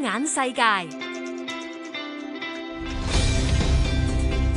眼世界，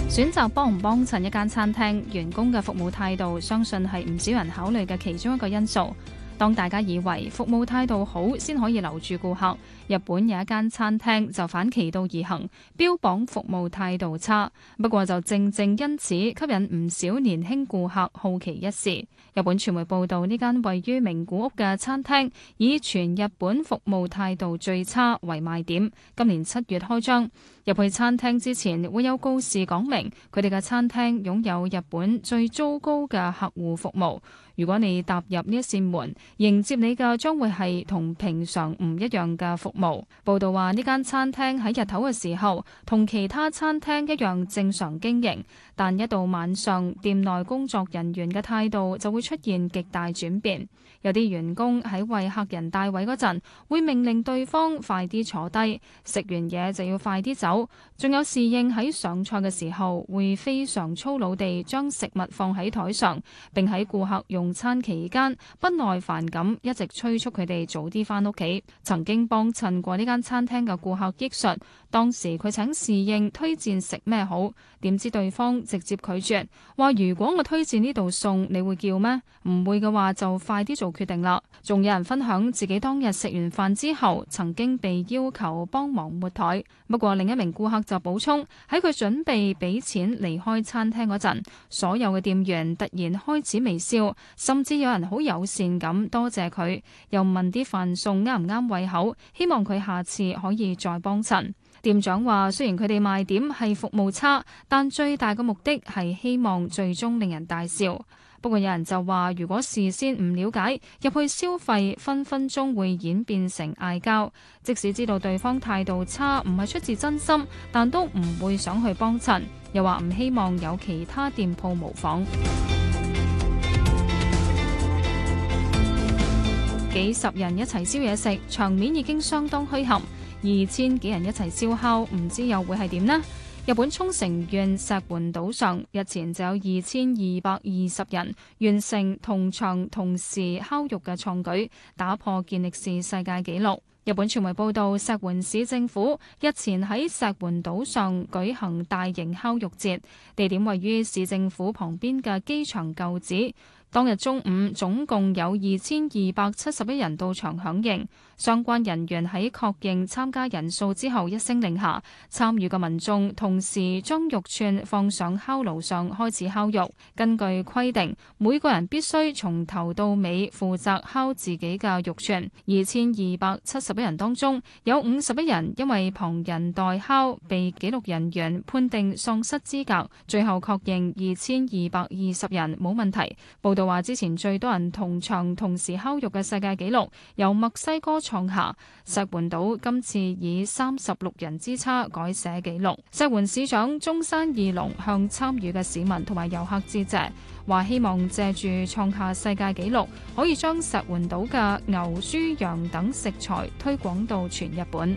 選擇幫唔幫襯一間餐廳員工嘅服務態度，相信係唔少人考慮嘅其中一個因素。當大家以為服務態度好先可以留住顧客，日本有一間餐廳就反其道而行，標榜服務態度差。不過就正正因此吸引唔少年輕顧客好奇一試。日本傳媒報道呢間位於名古屋嘅餐廳，以全日本服務態度最差為賣點，今年七月開張。入去餐廳之前會有告示講明，佢哋嘅餐廳擁有日本最糟糕嘅客戶服務。如果你踏入呢一扇門，迎接你嘅將會係同平常唔一樣嘅服務。報道話呢間餐廳喺日頭嘅時候同其他餐廳一樣正常經營，但一到晚上，店內工作人員嘅態度就會出現極大轉變。有啲員工喺為客人帶位嗰陣，會命令對方快啲坐低，食完嘢就要快啲走。仲有侍應喺上菜嘅時候，會非常粗魯地將食物放喺台上，並喺顧客用餐期間不耐煩咁一直催促佢哋早啲返屋企。曾經幫襯過呢間餐廳嘅顧客憶述，當時佢請侍應推薦食咩好，點知對方直接拒絕，話如果我推薦呢道餸，你會叫咩？唔會嘅話就快啲做決定啦。仲有人分享自己當日食完飯之後，曾經被要求幫忙抹台。不過另一名顧客就補充，喺佢準備俾錢離開餐廳嗰陣，所有嘅店員突然開始微笑，甚至有人好友善咁多謝佢，又問啲飯餸啱唔啱胃口，希望佢下次可以再幫襯。店長話，雖然佢哋賣點係服務差，但最大嘅目的係希望最終令人大笑。不過有人就話，如果事先唔了解入去消費，分分鐘會演變成嗌交。即使知道對方態度差，唔係出自真心，但都唔會想去幫襯。又話唔希望有其他店鋪模仿。 幾十人一齊燒嘢食，場面已經相當墟冚。二千幾人一齊燒烤，唔知又會係點呢？日本沖繩縣石垣島上日前就有二千二百二十人完成同場同時烤肉嘅創舉，打破健力士世界紀錄。日本傳媒報道，石垣市政府日前喺石垣島上舉行大型烤肉節，地點位於市政府旁邊嘅機場舊址。當日中午，總共有二千二百七十一人到場響應。相關人員喺確認參加人數之後，一聲令下，參與嘅民眾同時將肉串放上烤爐上開始烤肉。根據規定，每個人必須從頭到尾負責烤自己嘅肉串。二千二百七十一人當中，有五十一人因為旁人代烤被紀錄人員判定喪失資格。最後確認二千二百二十人冇問題。就話之前最多人同場同時烤肉嘅世界紀錄由墨西哥創下，石垣島今次以三十六人之差改寫紀錄。石垣市長中山義隆向參與嘅市民同埋遊客致謝，話希望借住創下世界紀錄，可以將石垣島嘅牛、豬、羊等食材推廣到全日本。